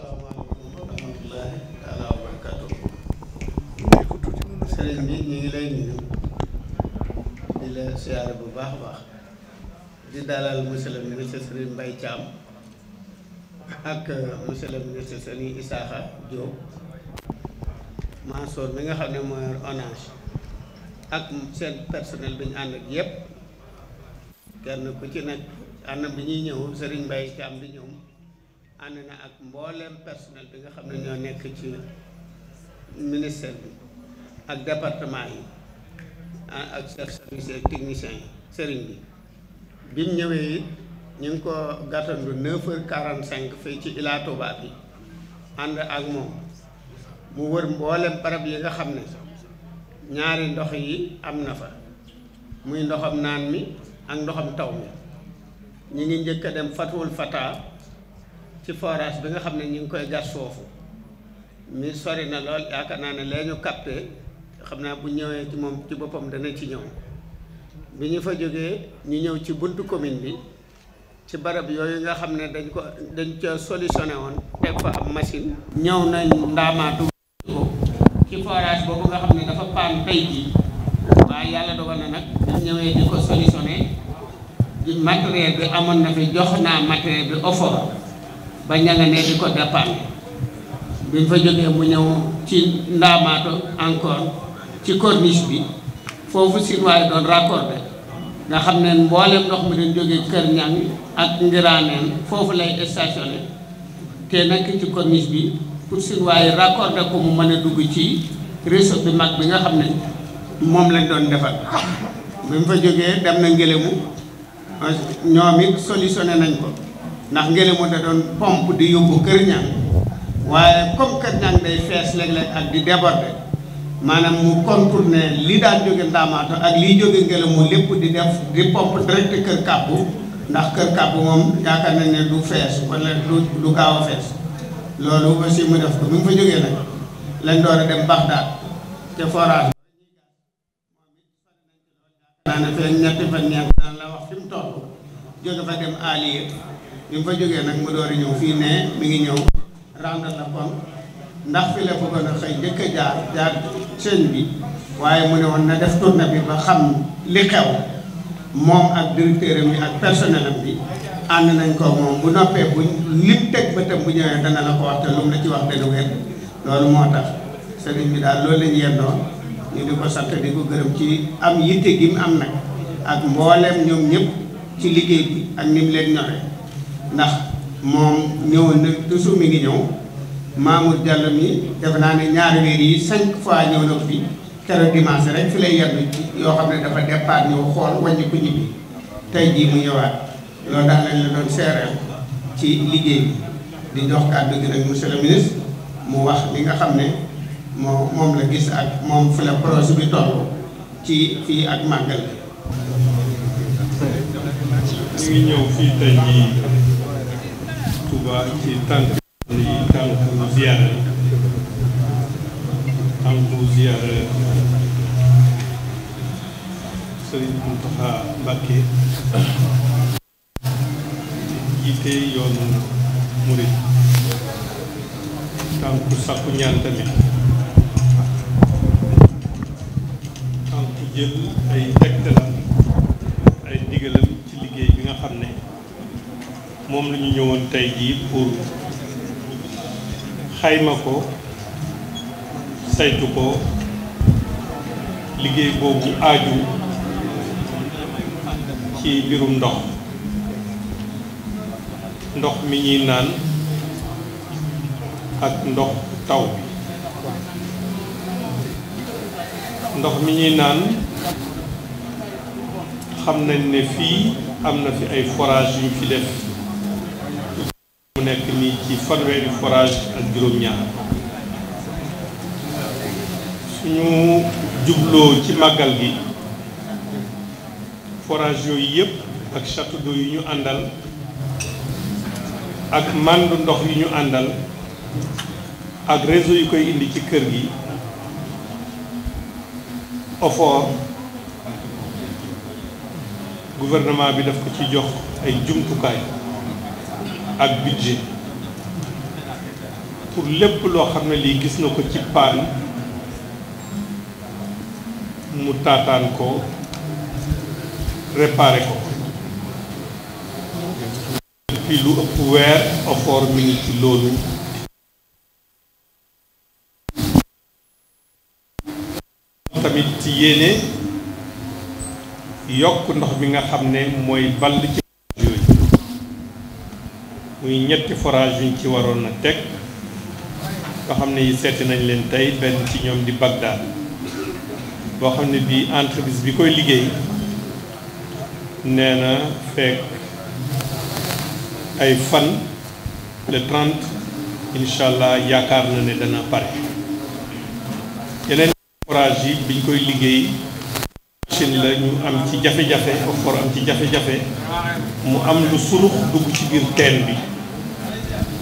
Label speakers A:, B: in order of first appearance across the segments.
A: asalaamaaleykum wa bi ñu ngi lay nuyu di la bu baax baax
B: di dalal monsieur le ak euh, monsieur le ministre Serigne Issakha Diop mi nga xam ne mooy onage ak seen personel bi ñu ànd ak yépp kenn ku ci nekk ànd bi ñuy ñëw Serigne Mbaye Thiam di ñëw ànd na ak mbooleem personnel bi nga xam ne ñoo nekk ci ministère bi ak département yi ah, ak chef service technicien yi sëriñ bi bi ñëwee it ñu ngi ko gàttandu neuf heures quarante cinq fii ci Ila Touba bi ànd ak moom mu wër mboolem barab yi nga xam ne ñaari ndox yi am na fa muy ndoxam naan mi ak ndoxam taw mi ñu ngi njëkk dem Fatul Fata ci forage bi nga xam ne ñu ngi koy gas foofu mi sori na lool yaakaar naa ne lee ñu xam naa bu ñëwee ci moom ci boppam dana ci ñëw bi ñu fa jógee ñu ñëw ci buntu commune bi ci barab yooyu nga xam ne dañ ko dañ ca solutionné woon teg fa am machine ñëw nañ ndaamaatu ko ci forage boobu nga xam ne dafa paan tey jii waaye yàlla dogal na nag ñu ñëwee di ko solutionné matériel bi amoon na fi jox naa matériel bi offert ba ña nga di ko dépanne biñ fa jógee mu ñëw ci ndaamaato encore ci corniche bi foofu chinois yi doon raccordé nga xam ne mboolem ndox mi dañ jógee Kër Ñang ak Ngiraaneen foofu lay stationné te nekk ci corniche bi pour chinois yi raccordé ko mu mën a dugg ci réseau bi mag bi nga xam ne moom lañ doon defal bi mu fa jógee dem na ngelamu ñoom it solutionné nañ ko ndax ngelaw da doon pompe di yóbbu Kër Ñang waaye comme Kër Ñang day fees léeg-léeg ak di déborder maanaam mu contourner li daan jóge Ndaamaato ak liy jóge ngelaw lépp di def di pompe direct Kër Kàbbu ndax Kër Kàbbu moom yaakaar nañ ne du fees walla du du gaaw a fees loolu aussi mu def ko bi mu fa jógee nag lañ door a dem Baxdaad te forage
C: naa ne fee ñetti fan ñeent daan la wax fi
B: mu toll jóge fa dem Aliye bi mu fa jógee nag mu door a ñëw fii ne mi ngi ñëw rendre na compte ndax fi la a xëy njëkk a jaar jaar sëñ bi waaye mu ne woon na def tournée bi ba xam li xew moom ak directeur bi ak personnel am bi ànd nañ ko moom bu noppee bu lim teg bëtam bu ñëwee danga la ko wax te lu mu la ci wax dana wér loolu moo tax sëriñ bi daal loolu lañ yendoon ñu di ko sant di ko gërëm ci am yitte gi mu am nag ak mboolem ñoom ñëpp ci liggéey bi ak ni mu leen ñoree ndax moom ñëw na toujours mi ngi ñëw Mamour Diallo mi def naa ne ñaari weer yi cinq fois ñëw na fi keroog dimanche rek fi lay yenn yoo xam ne dafa départ ñëw xool wàññi ko ñibbi tey jii mu ñëwaat loolu daal la doon seereel ci liggéey bi di jox kàddu gi nag monsieur le mu wax li nga xam ne moom la gis ak moom fu la projet bi toll ci fii ak màggal bi.
D: ñu ngi ñëw fii tey jii. Touba ci tànk yi tànk ziyaara tànk ziyaara Sëriñ Mountakha Mbacké jiite yoonu murit tànk sàkku ñaan tamit tànk jël ay tegtalam ay digalam ci liggéey bi nga xam ne moom la ñu ñëwoon tey jii pour xayma ko saytu ko liggéey boobu aaju ci mbirum ndox ndox mi ñuy naan ak ndox taw ndox mi ñuy naan xam nañ ne fii am na fi ay forage yu ñu fi def nekk ni ci fanweeri forage ak juróom-ñaar
C: suñu
D: jubloo ci màggal gi forage yooyu yëpp ak château d'eau yu ñu àndal ak màndu ndox yu ñu àndal ak réseau yu koy indi ci kër gi OFOR gouvernement bi daf ko ci jox ay jumtukaay ak budget pour lépp loo xam ne lii gis na ko ci paan mu taataan ko répare ko depuis lu ëpp weer effort mi ngi loolu tamit ci yéene yokk ndox bi nga xam ne mooy ball ci muy ñetti forage ñu ci waroon a teg boo xam ne yi seeti nañ leen tey benn ci ñoom di Bagdad boo xam ne bii entreprise bi koy liggéey nee na fekk ay fan le trente incha allah yaakaar na ne dana pare yeneen forage yi biñ koy liggéey machine ñu am ci jafe-jafe ofor ci jafe-jafe mu am lu surux dugg ci biir teen bi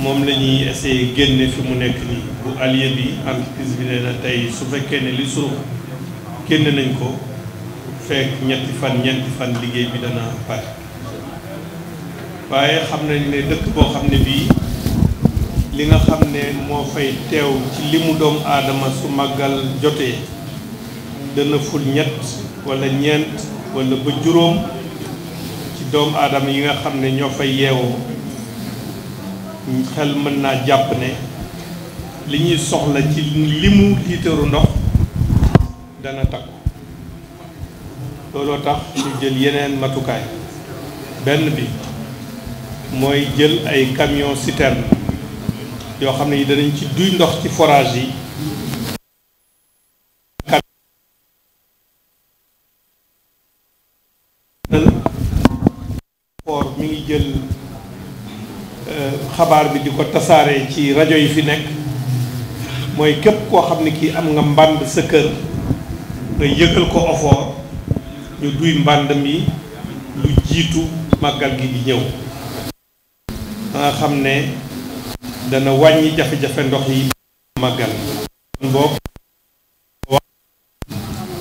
D: moom la ñuy essayer génne fi mu nekk nii bi entreprise tey su fekkee ne li surux génn nañ ko fekk ñetti fan ñetti fan liggéey bi dana pare waaye xam nañ ne dëkk boo xam ne bii li nga xam ne moo fay teew li mu doom aadama su màggal jotee dana ful ñett wala ñeent wala ba juróom ci doomu aadama yi nga xam ne ñoo fay yeewoo xel mën naa jàpp ne li ñuy soxla ci limu liitaru ndox dana takku looloo tax ñu jël yeneen matukaay benn bi mooy jël ay camion citerne yoo xam ne yi danañ ci duy ndox ci forage yi xabaar bi di ko tasaare ci rajo yi fi nekk mooy képp koo xam ne kii am nga mbànd sa kër nga yëgal ko Ofor ñu duy mbànd mi lu jiitu màggal gi di ñëw nga xam ne dana wàññi jafe-jafe ndox yi màggal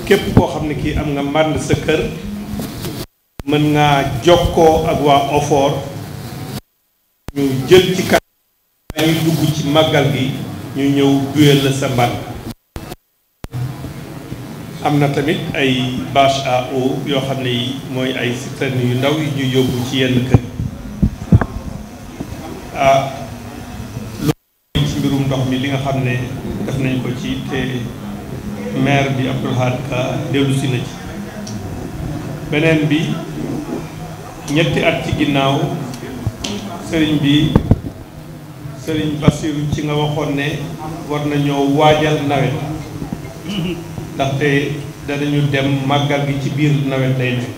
D: képp koo xam ne kii am nga mbànd sa kër mën ngaa jokkoo ak waa Ofor ñu jël ci kàddu ay gi ñu ñëw duyal la sa mbànn am na tamit ay bâche à yoo xam ne yi mooy ay citerne yu ndaw yu ñu yóbbu ci yenn kër ah loolu ci mbirum ndox mi li nga xam ne def nañ ko ci te maire bi Abdoul Ahad Ka dellu na ci beneen bi ñetti at ci ginnaaw sëriñ bi sëriñ Bassirou ci nga waxoon ne war nañoo waajal nawet ndaxte ñu dem màggal gi ci biir nawet lay nekk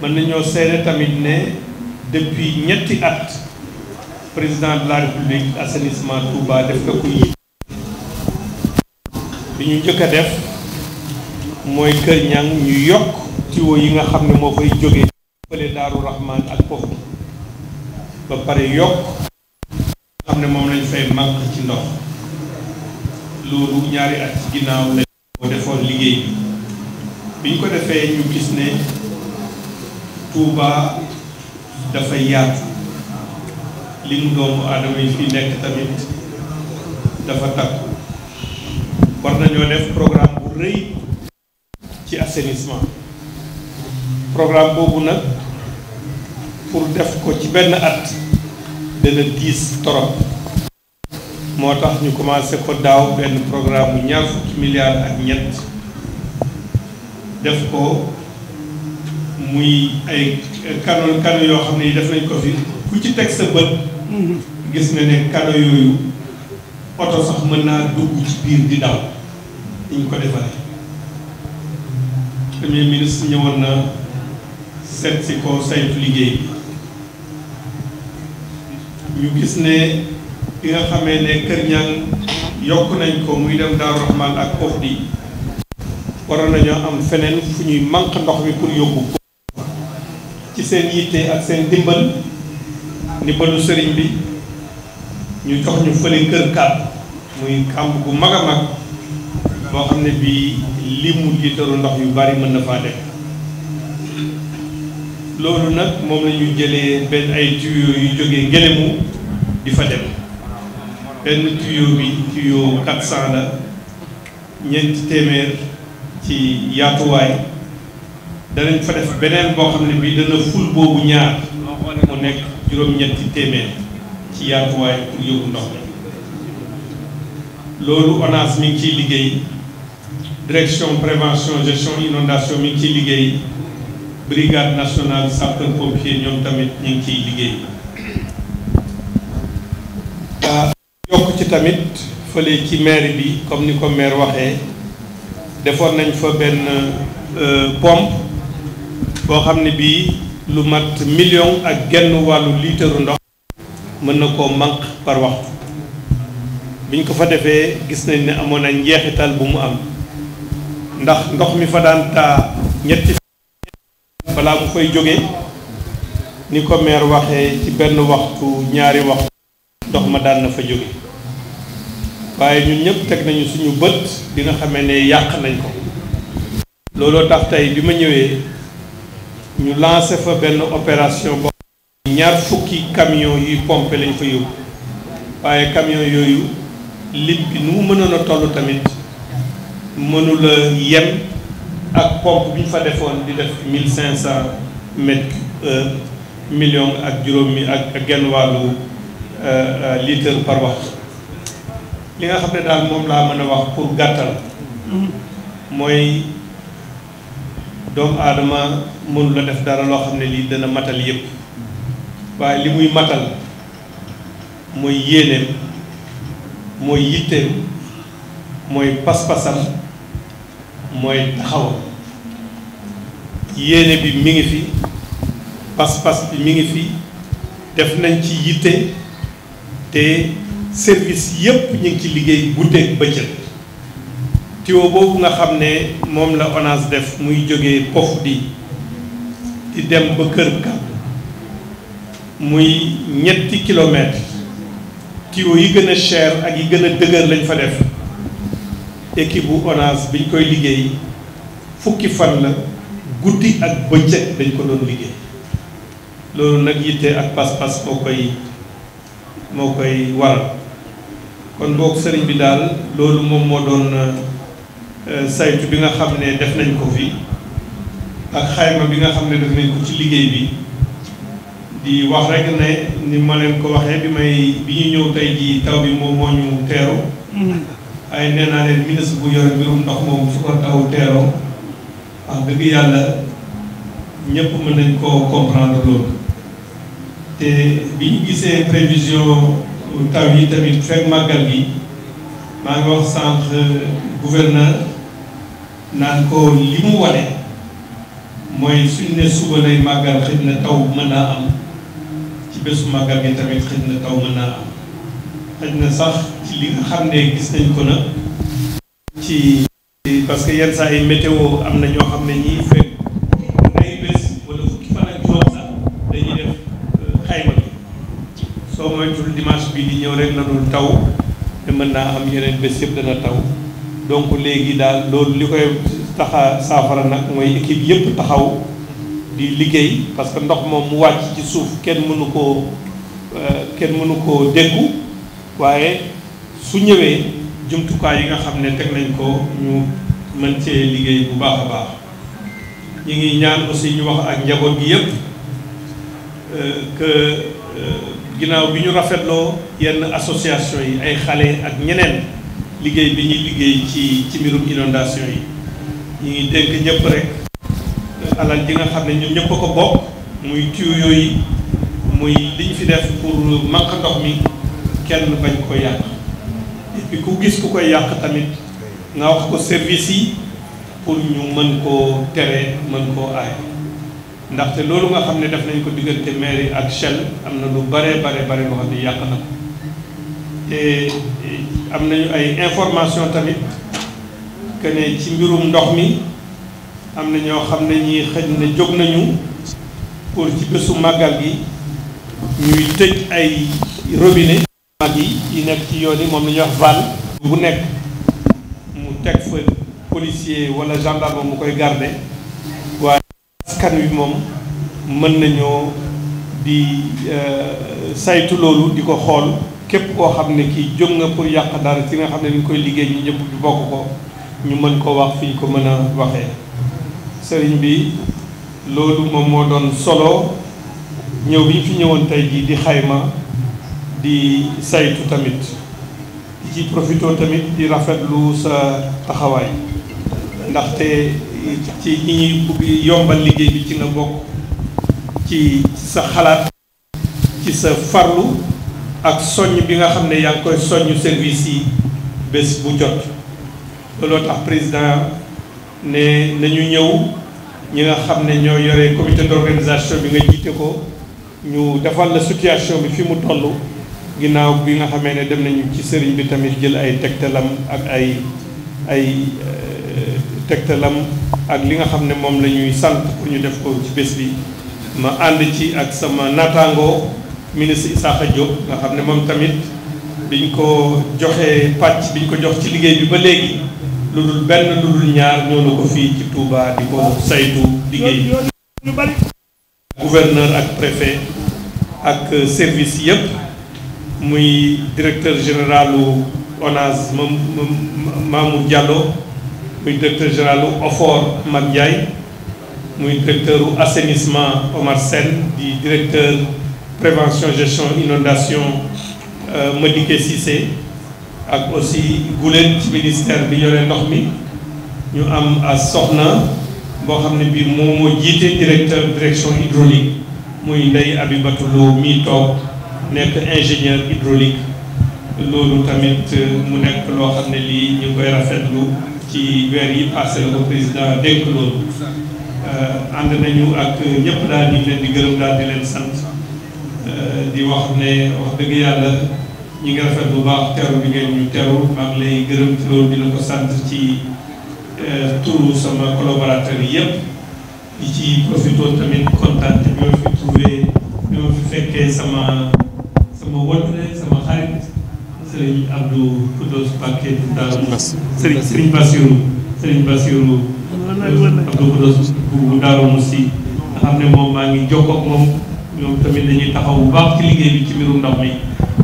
D: mën nañoo seede tamit ne depuis ñetti at président de la république assainissement Touba def ko ku yi bi ñu njëkk a def mooy Kër Ñang ñu yokk ci yi nga xam ne moo koy jógee fële Daaru Rahman ak foofu ba pare yokk xam ne moom lañ fay màq ci ndox loolu ñaari at ci ginnaaw lañ ko defoon liggéey bi ñu ko defee ñu gis ne Touba dafa yaatu li mu doomu aadama yi fi nekk tamit dafa takku war nañoo def programme bu rëy ci assainissement programme boobu nag pour def ko ci benn at dana diis torop moo tax ñu commencé ko daaw benn programme bu ñaar fukki milliards ak ñett def ko muy ay kano kano yoo xam ne def nañ ko fi ku ci teg sa bët gis na ne kano yooyu oto sax mën naa dugg ci biir di daw ñu ko defaree premier ministre ñëwoon na seet si ko saytu liggéey ñu gis ne bi nga xamee ne Kër Ñang yokk nañ ko muy dem Daaru Rahman ak of di waroon nañoo am feneen fu ñuy manque ndox mi pour yóbbu ci seen yitte ak seen dimbal ndimbalu sëriñ bi ñu jox ñu fële kër kàpp muy kàmb bu mag a mag boo xam ne bii lii mu liitaru ndox yu bari mën na faa def loolu nag moom la ñuy jëlee benn ay tuyau yu jógee Ngélémou di fa dem benn tuyau bi tuyau 400 la ñeenti téeméer ci yaatuwaay danañ fa def beneen boo xam ne bii dana ful boobu ñaar mu nekk juróom-ñetti téeméer ci yaatuwaay pour yóbbu ndox mi loolu ONAS mi ngi ciy liggéey direction prévention gestion inondation mi ngi ciy liggéey. brigade nationale sapeur pompier ñoom tamit ñu ngi ciy liggéey. yokk ci tamit fële ci maire bi comme ni ko maire waxee defoon nañ fa benn euh, pompe boo xam ne bii lu mat million ak genn wàllu liitaru ndox. mën na koo manq par waxtu biñ ko fa defee gis nañ ni amoon na njeexital bu mu am ndax ndox mi fa daan taa ñetti. balaa mu fay jógee ni ko maire waxee ci benn waxtu ñaari wax ndox ma daan na fa jóge waaye ñun ñëpp teg nañu suñu bët bi xame xamee ne yàq nañ ko looloo tax tey bi ma ñëwee ñu lancé fa benn opération boo ñaar fukki camion yuy pompe lañ fa yóbbu waaye camion yooyu lim bi nu mu mënoon a toll tamit mënula yem ak pompe bi ñu fa defoon di def mille cinq cent euh, million ak juróom mi ak genn wàllu euh, euh, litre par wax li nga xam ne daal moom laa mën a wax pour gàttal mooy doomu aadama mënu def dara loo xam ne lii dana matal yépp waaye li muy matal mooy yéeneem mooy yitteem mooy pas-pasam mooy taxawam yéene bi mi ngi fi pas-pas bi mi ngi fi def nañ ci yitte te service yépp ñu ngi ci liggéey guddeeg bëccëg tuyau boobu nga xam ne moom la ONAS def muy jóge Pofdy di dem ba Kër Kàddu muy ñetti kilomètre tuyau yi gën a cher ak yi gën a dëgër lañ fa def équipe bu ONAS biñ koy liggéey fukki fan la guddi ak bëccëg dañ ko doon liggéey loolu nag yitte ak pas-pas moo koy moo koy waral kon boog sëriñ bi daal loolu moom moo doon euh, saytu bi nga xam ne def nañ ko fi ak xayma bi nga xam ne def nañ ko ci liggéey bi di wax rek ne ni ma leen ko waxee bi may bi ñu ñëw tay jii taw bi moom moo ñu teeru mm-hmm. ay nee naa leen ministre bu yore mbirum ndox moom su ko taw teeroo wax dëgg yàlla ñëpp mën nañ koo comprendre loolu te bi ñu gisee prévision taw yi tamit fekk màggal gi maa ngi wax sànq gouverneur naan ko li mu wane mooy suñ ne suba lay màggal xëy na taw mën naa am ci bésu màggal gi tamit xëy na taw mën naa am sax li nga xam ne gis nañ ko na ci parce que yenn saa yi météo am na ñoo xam ne ñii fekk ay bés wala fukki fan ak juróom sax dañuy def euh, xayma bi soo moytul dimanche bi di ñëw rek la taw te mën naa am yeneen bés yëpp dana taw donc léegi daal loolu li koy taxa saafara nag mooy équipe yëpp taxaw di liggéey parce que ndox moom mu wàcc ci suuf kenn mënu koo euh, kenn mënu koo déggu waaye su ñëwee jumtukaay yi nga xam ne teg nañ ko ñu mën cee liggéey bu baax a ngi ñaan aussi ñu wax ak njaboot gi yëpp euh, que euh, ginnaaw bi ñu rafetloo yenn association yi ay xale ak ñeneen liggéey bi ñuy liggéey ci ci mbirum inondation yi ñu ngi dénk ñëpp rek alal ji nga xam ne ñun ñëpp ko bokk muy tuyaux yi muy li ñu fi def pour manque ndox mi kenn bañ ko yàq et ku gis ku koy yàq tamit nga wax ko service yi pour ñu mën koo tere mën koo aay ndaxte loolu nga xam ne def nañ ko diggante mairie ak Shell am na lu bare bare bare loo xam ne yàq na ko te eh, am nañu ay information tamit que ci mbirum ndox mi am na ñoo xam ne ñii xëj ne jóg nañu pour ci bésu màggal gi ñuy tëj ay robinet mag yi nekk ci yoon yi moom la ñuy wax val bu nekk mu teg fa policier wala gendarme mu koy garde waaye askan wi moom mën nañoo di euh, saytu loolu di ko xool képp koo xam ne kii jóg nga pour yàq dara ci nga xam ne ñu koy liggéey ñu ñëpp di bokk ko ñu mën ko wax fi ñu ko mën a waxee sëriñ bi loolu moom moo doon solo ñëw bi ñu fi ñëwoon tey jii di xayma di saytu tamit di ci profito tamit di rafetlu sa taxawaay ndaxte ci ñi ñuy yombal liggéey bi ci nga bokk ci sa xalaat ci sa farlu ak soññ bi nga xam ne yaa ngi koy soññ service yi bés bu jot looloo tax président ne nañu ñëw ñi nga xam ne ñoo yore comité d'organisation bi nga jiite ko ñu defal la situation bi fi mu toll ginnaaw bi nga xamee ne dem nañu ci sëriñ bi tamit jël ay tegtalam ak ay ay euh, tegtalam ak li nga xam ne moom la ñuy sant pour ñu def ko ci bés bi ma ànd ci ak sama naataangoo ministre Issakha Diop nga xam ne moom tamit biñ ko joxee pàcc biñ ko jox ci liggéey bi ba léegi lu dul benn lu dul ñaar ñoo na ko fii ci Touba di ko saytu liggéey bi gouverneur ak préfet ak service yëpp muy directeur général ONAS Mamour Diallo muy directeur général OFOR Mag Ndiaye muy directeur assainissement Omar Sène di directeur prévention gestion inondation euh, Madické Cissé ak aussi guleen ci ministère bi yore ndox mi ñu am a soxna boo xam ne bi moo moo jiite directeur direction hydraulique muy Ndeye Abibatou Lo mii nekk ingénieur hydraulique loolu tamit euh, mu nekk loo xam ne lii ñu koy rafetlu ci weer yi passé la ko loolu euh, ànd nañu ak ñëpp daal ñu leen di gërëm daal di leen sant euh, di wax ne wax dëgg yàlla ñi ngi rafet bu baax teru bi ngeen ñu teru maa ngi lay gërëm ci loolu dina ko sant ci turu sama collaborateur yi yëpp di ci profité tamit kontaan te fi trouvé ñoo fi fekkee sama sama wotare sama xarit Serigne Abdou Koudous Paquet Daaru Serigne Serigne Bassirou Serigne xam ne moom maa ngi jokkoo ak moom tamit dañuy taxaw bu baax ci liggéey bi ci mbirum ndox mi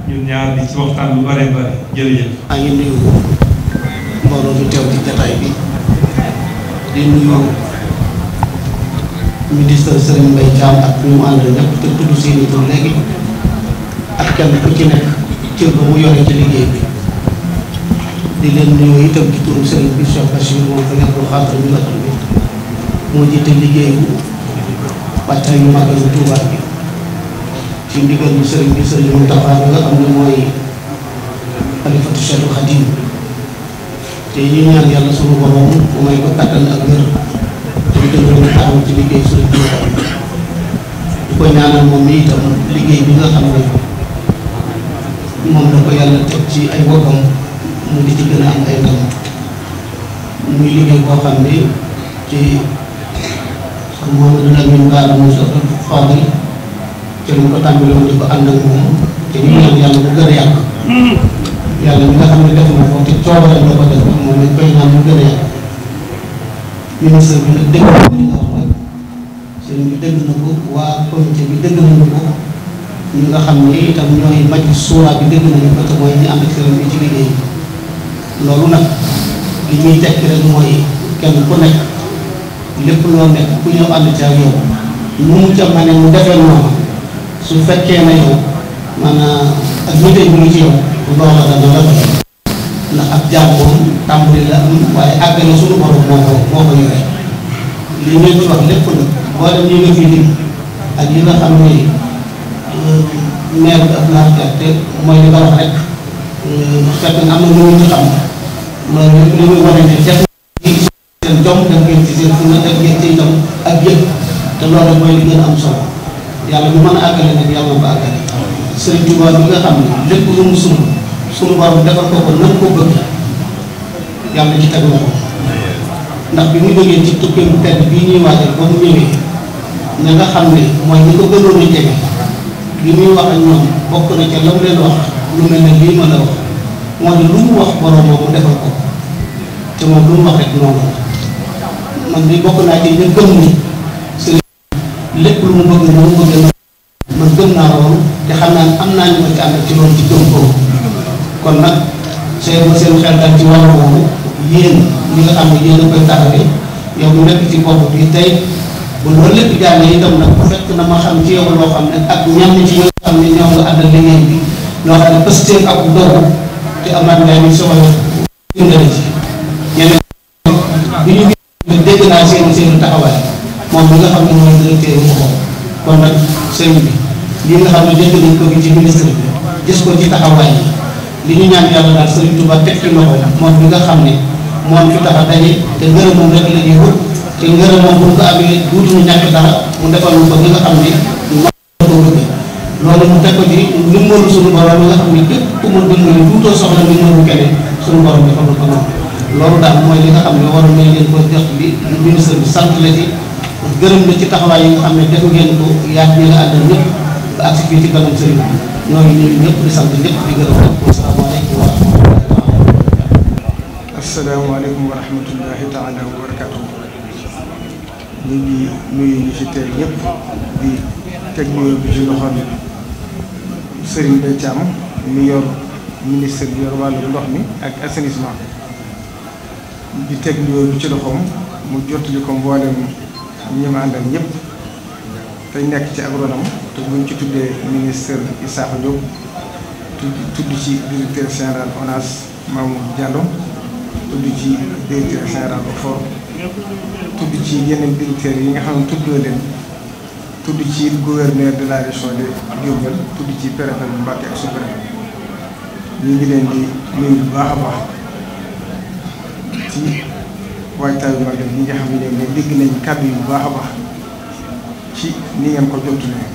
D: ñun ñaar di ci waxtaan bu bare bare jërëjëf maa ngi nuyu mbooloo mi teew ci jataay
A: ak ñu mu àndal ñëpp te tudd seeni tur léegi ak kenn ku ci nekk cër ba mu yore liggéey bi di leen nuyoo itam ci turu sëriñ bi Cheikh Bachir moom fa nekkul xaaral ñu la xam ne moo jiite liggéeyu wàccaay yu màggalu Tuuba bi ci ndigal bu bi sëriñ Moustapha nga a taxaw bi ko ñaanal moom mi itam liggéey bi nga xam ne moom la ko yàlla teg ci ay woggam mu di ci gën a am ay ndam muy liggéey boo xam ne ci Mouhamadou Lamine Bara Moussa Fadel ci lañ ko tàmbali woon di ko ànd ak moom te ñu ñaan yàlla mu gën a yàgg yàlla mi nga xam ne def na ko te coobareem la ko def moom lañ koy ñaan mu gën a yàgg ministre bi nag dégg na ko li nga wax rek sëriñ bi dégg na ko waa comité bi dégg nañu ko ñi nga xam ni itam ñooy maj suuraa bi dégg nañu ko te mooy ñi ànd ci liggéey loolu nag li ñuy tekki rek mooy kenn ku nekk lépp loo nekk ku ñëw ànd ci ak yow nu mu ca mu defee noonu su fekkee na yow maanaam ak météo bi ñu ci yow loola dana la ko ndax ak jàmboom tàmbali la am waaye àgg na suñu borom moo ko yore li ñu leen lépp nag boo dem ñu ngi fi lim ak yi nga xam ne. maire bi ak naafeq te mooy li nga wax rek euh, fekk na am na lu ñu xam te loolu mooy a àggale yàlla ko àggale Sëriñ Tuuba bi nga xam ne lépp lu mu sumb sunu bi mu jógee ci tukkeem tedd nga xam ne mooy ñi ko gënoon a jege li muy wax ak ñoom bokk na ca lam leen wax lu mel ne lii ma la wax moo lu mu wax borom boobu defal ko te moom lu mu wax rek moom bëgg na naa loolu te xam am naa ñu ma ci ci loolu ci gëm boobu kon nag seen ma seen xel daal ci wàllu boobu yéen ñi nga xam ne yéen a koy taxawee yow mu nekk ci bopp bi tey bu loolu lépp jàllee itam nag fekk na ma xam ci yow loo xam ne ak ñenn ci yoo xam ne ñoom nga àndal liggéey bi loo xam ne pëstéef ak dogu te amaat ngay mi soxla dundale bi ñu gis dégg naa seen seen taxawaay moom mi nga xam ne bi lii nga xam ne bi gis ko ci taxawaay li ñu ñaan yàlla daal sëriñ Tuubaa moom bi nga xam ne moom fi tax a moom rek la ñuy te ngërëmam bu ko amee duutuñu ñàkk dara mu defal ko ñi nga xam ne loolu mu teg ko ci ndimbalu suñu borom nga xam ne képp ku mu dimbali tuutoo soxla ndimbalu keneen suñu borom defal ko moom loolu daal mooy li nga xam ne waroon nga xam ne def ngeen ko yaat ñi nga àndal ñëpp ba agsi fii ci kanam sëriñ bi ñooñu ñun ñëpp di sant ñëpp di gërëm wa salaamaaleykum wa rahmatullahi
C: ñu ngi nuyu ñu fi teew ñëpp di teg nuyoo bi ci loxo bi Serigne mi yor ministre bi yor wàllu ndox mi ak assainissement di teg nuyoo bi ci loxoom mu jottali ko mboolem ñi ma àndal ñëpp te nekk ci agronome te buñ ci tuddee ministre Issakha Diop tudd ci directeur général ONAS Mamour Diallo tudd ci directeur général OFOR
D: tudd
C: ci yeneen directeurs yi nga xam ne tuddoo leen tudd ci gouverneur de la région de Diourbel tudd ci préfet bu Mbacké ak sous leen di nuyu baax a baax ci waajtaay yu mag yi nga xam ne ne dégg nañ kàddu yu bu baax a baax ci ni ngeen ko jottulee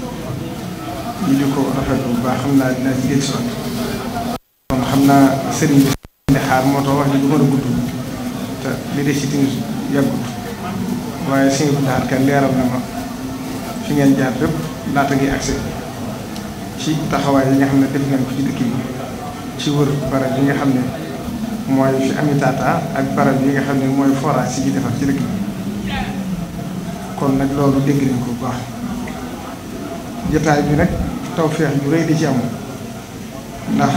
C: ñu di ko rafetlu bu baax xam naa dinaa ci dégg soxna xam naa sëriñ bi xaar moo tax wax ji du mën a gudd te li des ci tamit yàggut waaye si nga daal ka leeral na ma fi ngeen jaar lépp laata ngi agsi ci taxawaay yi nga xam ne def nañ ko ci dëkk bi ci wër barab yi nga xam ne mooy fi ami ak barab yi nga xam ne mooy forage si ji defar ci dëkk bi kon nag loolu dégg nañ ko bu baax jotaay bi nag tawféex ju rëy di ci am ndax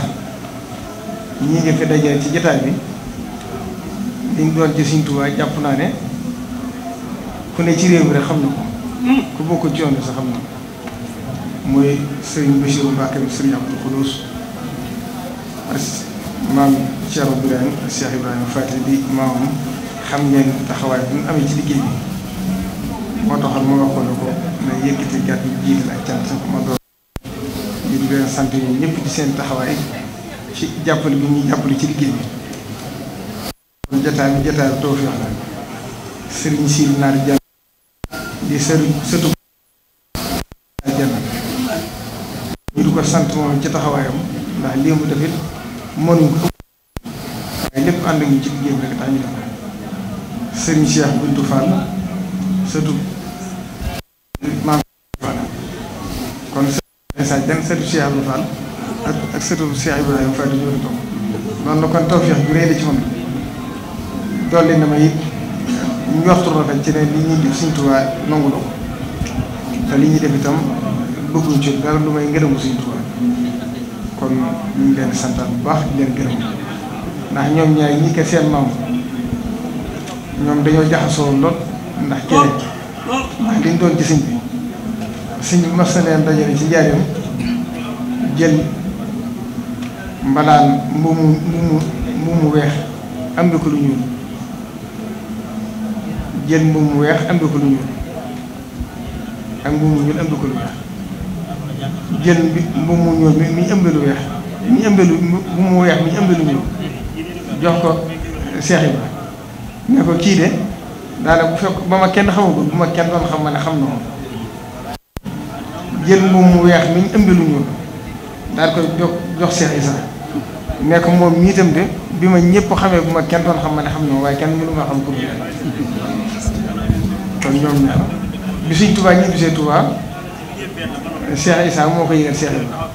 C: ñi nga fi dajee ci jotaay bi dañ doon ci Sëriñ jàpp naa ne ku ne ci réew mi rek xam na ko mm. ku bokk ci yoon bi sax xam na ko mooy Sëriñ Bachir Mbacke bi Sëriñ ak maam Cheikh Ibrahima ak Cheikh Ibrahima Faty bi maam xam ngeen taxawaay bi mu amee ci liggéey bi moo taxal ma waxoon na ko na yëkkati gàtt yi jiital ak cant ma doon di leen sant ñëpp di seen taxawaay ci jàppale bi ñuy jàppale ci liggéey bi jotaay bi jotaay bi tawfeex la sëriñ Sidy Nar Diène di sëriñ sëtu Diène ñu di ko sant moom ci taxawaayam ndax lii mu def it mënuñ ko waaye lépp ànd ñu ci liggéey bi rek sëriñ Cheikh Bintou Fall sëtu sëriñ Sa Diène sëtu ak ak sëtu Cheikh Ibrahima Fall di ñëw kon tawfeex bi rëy la ci moom dolli na ma it njortu rafet ci ne li ñuy def Sëriñ Tuubaa nangu na ko te li ñuy def itam bëgguñ ci dara lu may ngërëmu Sëriñ Tuubaa kon ñu ngi leen santaan bu baax di leen ndax ñoom ñaar ñi ko seen maam ñoom dañoo jaxasoo lool ndax kenn ndax liñ doon ci sëñ bi sëñ bi mas na leen dajale ci njaareem jël mbalaan mbuumu mbuumu mbuumu weex am na ko lu ñuul jël mbuum mu weex ëmb ko lu ñuul ak mbuum mu ñuul ëmb lu weex jël mbuum mu ñuul mi mi ëmb lu weex mi ëmb lu ñuul jox ko Seex eh, Ibra ne ko kii de daanaka bu fekk ba ma kenn xamagul bu ma kenn doon xam ma ne xam na jël mbuum mu weex mi ëmb lu ñuul daal koy jox jox Seex nekk moom mii itam de bi ma ñëpp xamee bu ma kenn doon xam ma ne xam ne waaye kenn mënu ma xam pour kon ñoom ñaar bi suñ Touba ñi bisee Touba Cheikh Issa moo ko yégal Cheikh Ibrahima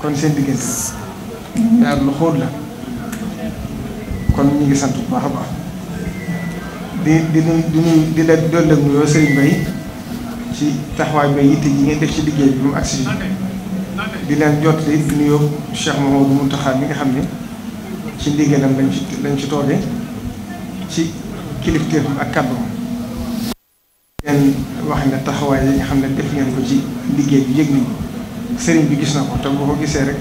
C: kon seen diggante la lu xóot la kon ñu ngi sant bu baax a baax di di di di la dolleeg nuyoo Serigne Mbaye ci taxawaay bay yitte yi ngeen def ci liggéey bi mu agsi di leen jottali nuyoo Cheikh Mouhamadou Mountakha mi nga xam ne ci ndigalam lañ ci lañ ci toogee ci kilifteef ak kàddu ngeen wax ne taxawaay yi nga xam ne def ngeen ko ci liggéey bi yëg nañ sëriñ bi gis na ko te boo ko gisee rek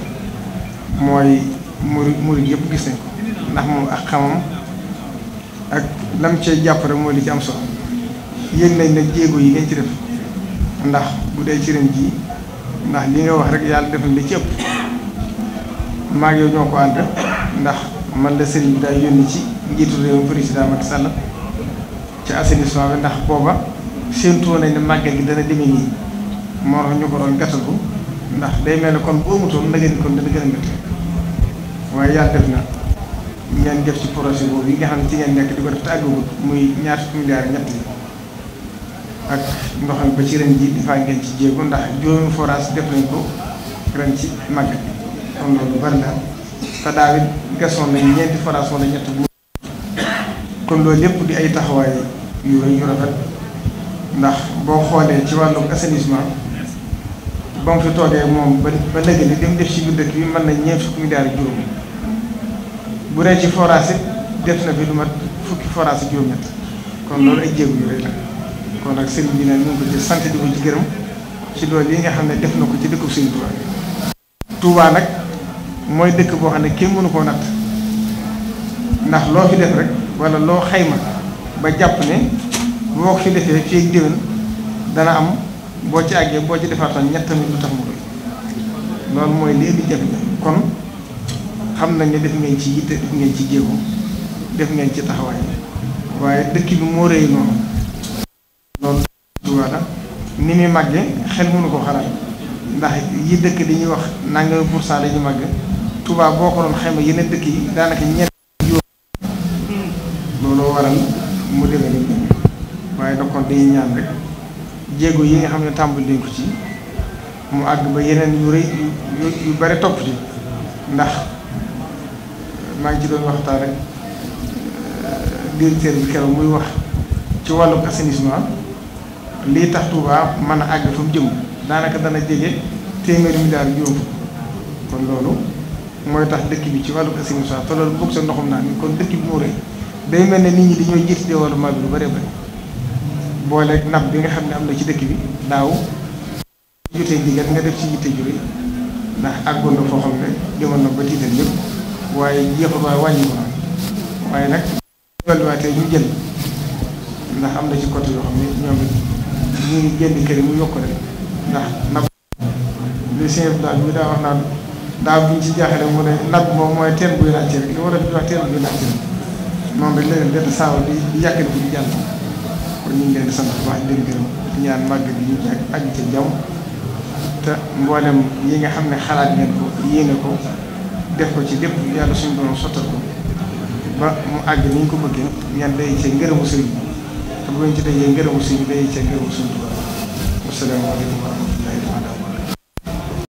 C: mooy murid murid yëpp gis nañ ko ndax moom ak xamam ak lam cee jàpp rek mooy li ci am solo yëg nañ ne jéego yi ngeen ci def ndax bu dee ci ren jii. ndax li nga wax rek yàlla def na li ci ëpp maa ngi ñoo ko ànd ndax man la sëriñ bi daay yónni ci njiitu réew mi président Macky Sall ci assainissement ndax booba séentu woon nañ ne màggal gi dana demee nii moo tax ñu ko doon gàttal ko ndax day mel ne kon bu amutoon nag kon dana gën a métti waaye yàlla def na ngeen def ci projet boobu yi nga xam ne ci ngeen nekk di ko def te àggagul muy ñaar fukki milliards ñett yi ak ndoxal ba ci ren ji di faa ngeen ci jéego ndax juróomi forage def nañ ko ren ci màggal bi kon loolu bari na te daawit gasoon nañ ñeenti forage wala ñett bu kon loolu lépp di ay taxawaay yu yu rafet ndax boo xoolee ci wàllum assainissement ba mu fi toogee moom ba ba léegi ni li mu def ci biir dëkk bi mën na ñeent fukki milliards juróom bu ci forage it def lu mat fukki forage kon loolu ay jéego yu rëy kon nag sëriñ bi nag ñu ngi ko ci sant di ko ci gërëm ci loolu yi nga xam ne def na ko ci dëkku sëriñ Touba. Touba nag mooy dëkk boo xam ne kenn mënu koo nag ndax loo fi def rek wala loo xayma ba jàpp ne boo ko fi defee fii ak déwén dana am boo ci àggee boo ci defaataan ñett tamit lu tax mu doy loolu mooy li indi jafe kon xam nañ ne def ngeen ci yitte def ngeen ci jéego def ngeen ci taxawaay waaye dëkk bi moo rëy noonu. Tuubaa la ni muy màgge xel mënu ko xalaat ndax yi dëkk di ñuy wax nangami pour cent dañuy màgg Tuubaa boo ko doon xayma yeneen dëkk yi daanaka ñett yoo waral mu demee nii waaye nag kon dañuy ñaan rek jéego yi nga xam ne tàmbali ci mu àgg ba yeneen yu rëy yu bare topp ci ndax maa ngi ci doon waxtaan rek euh, directeur bi keroog muy wax ci wàllum assainissement lii tax Touba mën a àgg fa mu jëm daanaka dana jege téeméeri milliard juróom kon loolu mooy tax dëkk bi ci wàllu assainissement te loolu bokk sa ndoxum naa ni kon dëkk bi moo rëy day mel ne nit ñi dañoo jiite développement bi lu bare bëri boole nag bi nga xam ne am na ci dëkk bi daaw jotee digal nga def ci yitte jure ndax àggoon na foo xam ne demoon na ba tiital ñëpp waaye yéex a ba wàññi ko waaye nag ñu jël ndax am na ci côté yoo xam ñoom ñu ngi génn kër yi mu yokk rek ndax nab li seen daal ñu daa wax naa daaw bi ñu ci jaaxle mu ne nab moom mooy teen buy laajte rek li war a wax teen buy laajte rek noonu rek léeg-léeg benn di di leen sant bu baax ñaan màgg bi ñu ak ak ca te mboolem yi nga xam ne xalaat ngeen ko yéene ko def ko ci lépp yàlla suñu borom sottal ko ba mu àgg ni ko bëggee ñaan day ca ngërëmu sëriñ te bu ngeen ci dajee ngërëmu suñu day ca ngërëmu suñu Tuubaa asalaamaaleykum wa rahmatulah